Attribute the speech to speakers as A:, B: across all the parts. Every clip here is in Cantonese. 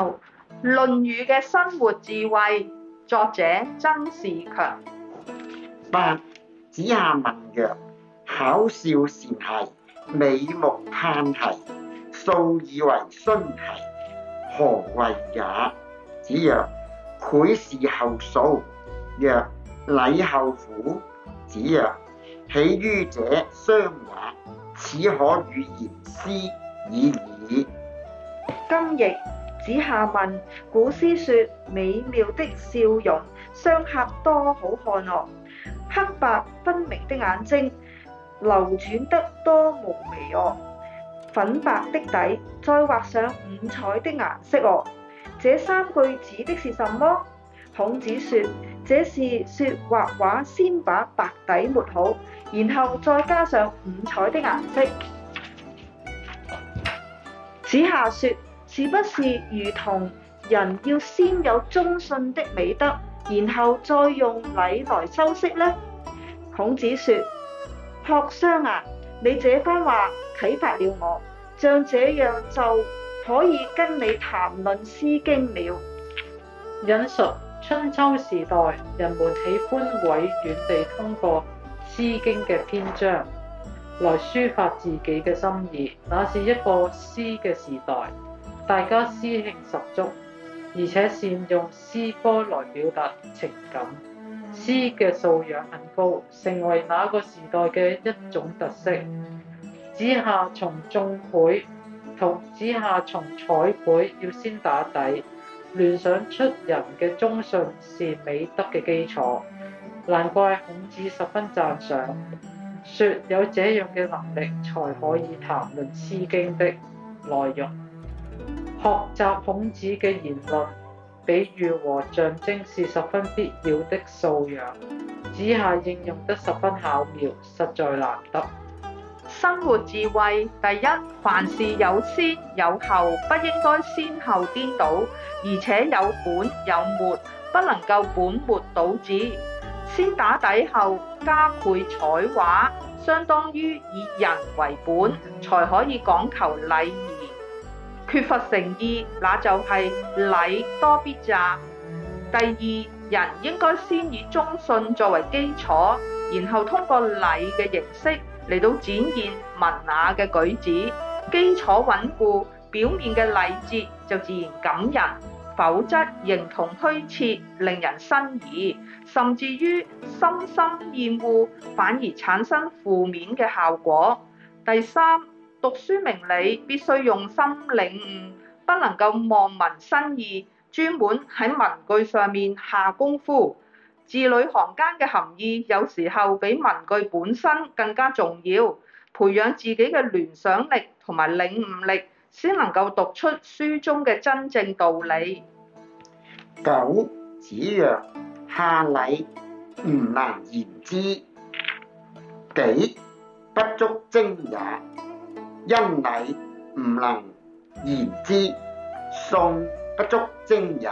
A: 哦，《論語》嘅生活智慧，作者曾仕強。
B: 八、子夏問曰：巧笑倩兮，美目盼兮，素以為絢兮，何謂也？子曰：繪事後素。曰：禮後乎？子曰：起予者，商也，此可與言詩已矣。
C: 今亦。子夏問古詩說：“美妙的笑容，雙頰多好看哦、啊！黑白分明的眼睛，流轉得多嫵媚哦、啊！粉白的底，再畫上五彩的顏色哦、啊！”這三句指的是什麼？孔子說：“這是說畫畫先把白底抹好，然後再加上五彩的顏色。”子夏說。是不是如同人要先有忠信的美德，然後再用禮來修飾呢？孔子說：卜商啊，你這番話啟發了我，像這樣就可以跟你談論《
D: 詩經》了。引述春秋時代，人們喜歡委婉地通過《詩經》嘅篇章來抒發自己嘅心意，那是一個詩嘅時代。大家詩興十足，而且善用詩歌來表達情感，詩嘅素養很高，成為那個時代嘅一種特色。子夏從眾賀同子夏從彩繪要先打底，聯想出人嘅忠信是美德嘅基礎，難怪孔子十分讚賞，說有這樣嘅能力才可以談論詩經的內容。學習孔子嘅言論、比喻和象徵是十分必要的素養，子夏應用得十分巧妙，實在難得。生活
A: 智慧第一，凡事有先有後，不應該先後顛倒，而且有本有末，不能夠本末倒置。先打底後加繪彩畫，相當於以人為本，才可以講求禮儀。缺乏誠意，那就係禮多必詐。第二，人應該先以忠信作為基礎，然後通過禮嘅形式嚟到展現文雅嘅舉止。基礎穩固，表面嘅禮節就自然感人；否則形同虛設，令人生疑，甚至於深深厭惡，反而產生負面嘅效果。第三。讀書明理必須用心領悟，不能夠望文生義，專門喺文句上面下功夫。字裏行間嘅含義有時候比文句本身更加重要。培養自己嘅聯想力同埋領悟力，先能夠讀出書中嘅真正道
B: 理。九子曰：夏禮，吾能言之，杞不足徵也。因禮唔能言之，宋不足徵也；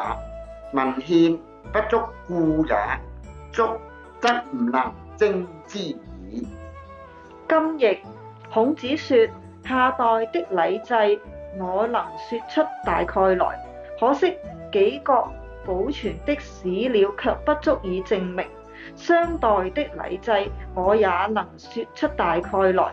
B: 文獻不足故也，足則唔能徵之矣。今譯孔子
C: 說：夏代的禮制我能說出大概來，可惜幾國保存的史料卻不足以證明；商代的禮制我也能說出大概來。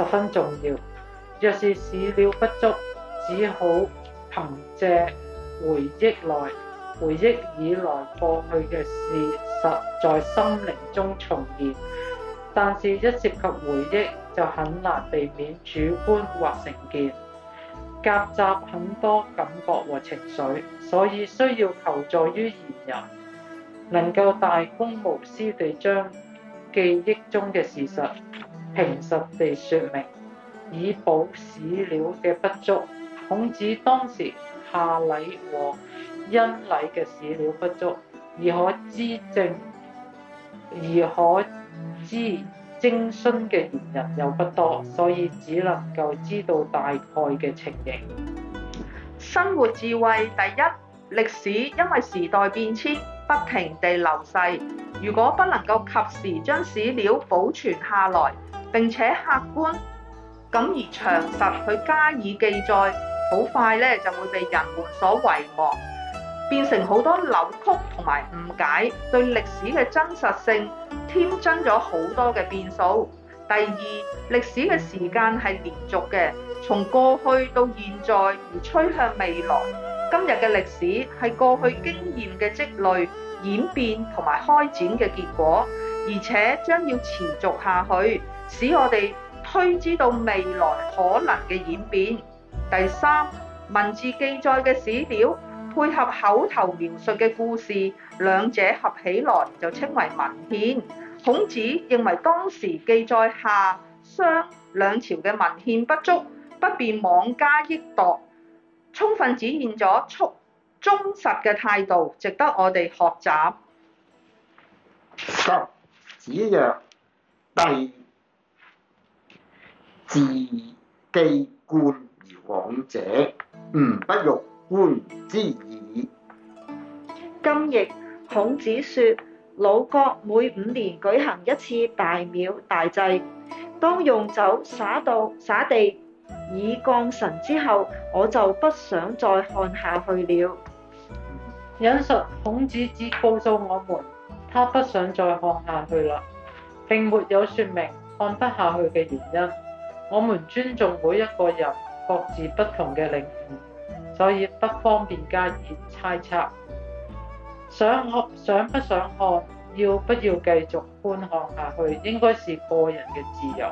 D: 十分重要。若是史料不足，只好憑借回憶來回憶以來過去嘅事實，在心靈中重現。但是，一涉及回憶，就很難避免主觀或成見夾雜很多感覺和情緒，所以需要求助於賢人，能夠大公無私地將記憶中嘅事實。平實地說明以補史料嘅不足。孔子當時下禮和殷禮嘅史料不足，而可知正而可知徵詢嘅言人又不多，所以只能夠知道大概嘅情形。生活智
A: 慧第一，歷史因為時代變遷不停地流逝，如果不能夠及時將史料保存下來。並且客觀咁而詳實，去加以記載，好快咧就會被人們所遺忘，變成好多扭曲同埋誤解，對歷史嘅真實性添增咗好多嘅變數。第二，歷史嘅時間係連續嘅，從過去到現在而趨向未來。今日嘅歷史係過去經驗嘅積累、演變同埋開展嘅結果，而且將要持續下去。使我哋推知到未來可能嘅演變。第三，文字記載嘅史料配合口頭描述嘅故事，兩者合起來就稱為文獻。孔子認為當時記載夏、商兩朝嘅文獻不足，不便妄加臆度，充分展現咗篤忠實嘅態度，值得我哋學習。
B: 子曰：，第。自既灌而往者，吾不欲觀之矣。
C: 今譯孔子說：魯國每五年舉行一次大廟大祭，當用酒灑到灑地以降神之後，我就不想再看下去
D: 了。引述孔子只告訴我們，他不想再看下去啦，並沒有説明看不下去嘅原因。我們尊重每一個人各自不同嘅領域，所以不方便加以猜測。想看，想不想看，要不要繼續觀看下去，應該是個人嘅自由，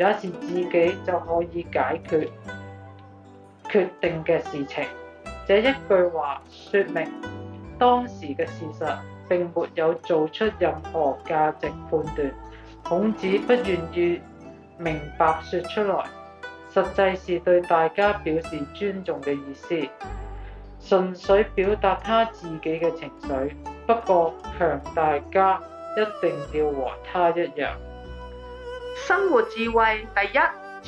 D: 也是自己就可以解決決定嘅事情。這一句話說明當時嘅事實，並沒有做出任何價值判斷。孔子不願意。明白說出來，實際是對大家表示尊重嘅意思，純粹表達他自己嘅情緒。不過強大家一定要和他一樣。
A: 生活智慧，第一，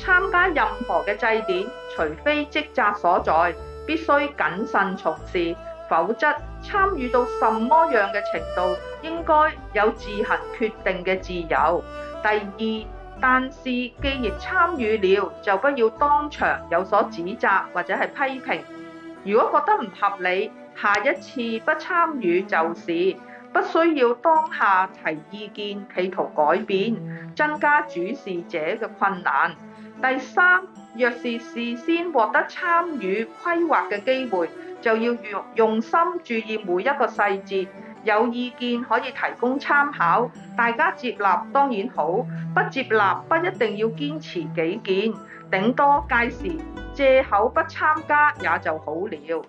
A: 參加任何嘅祭典，除非職責所在，必須謹慎從事，否則參與到什麼樣嘅程度，應該有自行決定嘅自由。第二。但是既然參與了，就不要當場有所指責或者係批評。如果覺得唔合理，下一次不參與就是。不需要當下提意見，企圖改變，增加主事者嘅困難。第三，若是事先獲得參與規劃嘅機會，就要用心注意每一個細節。有意見可以提供參考，大家接納當然好，不接納不一定要堅持己見，頂多屆時藉口不參加也就好了。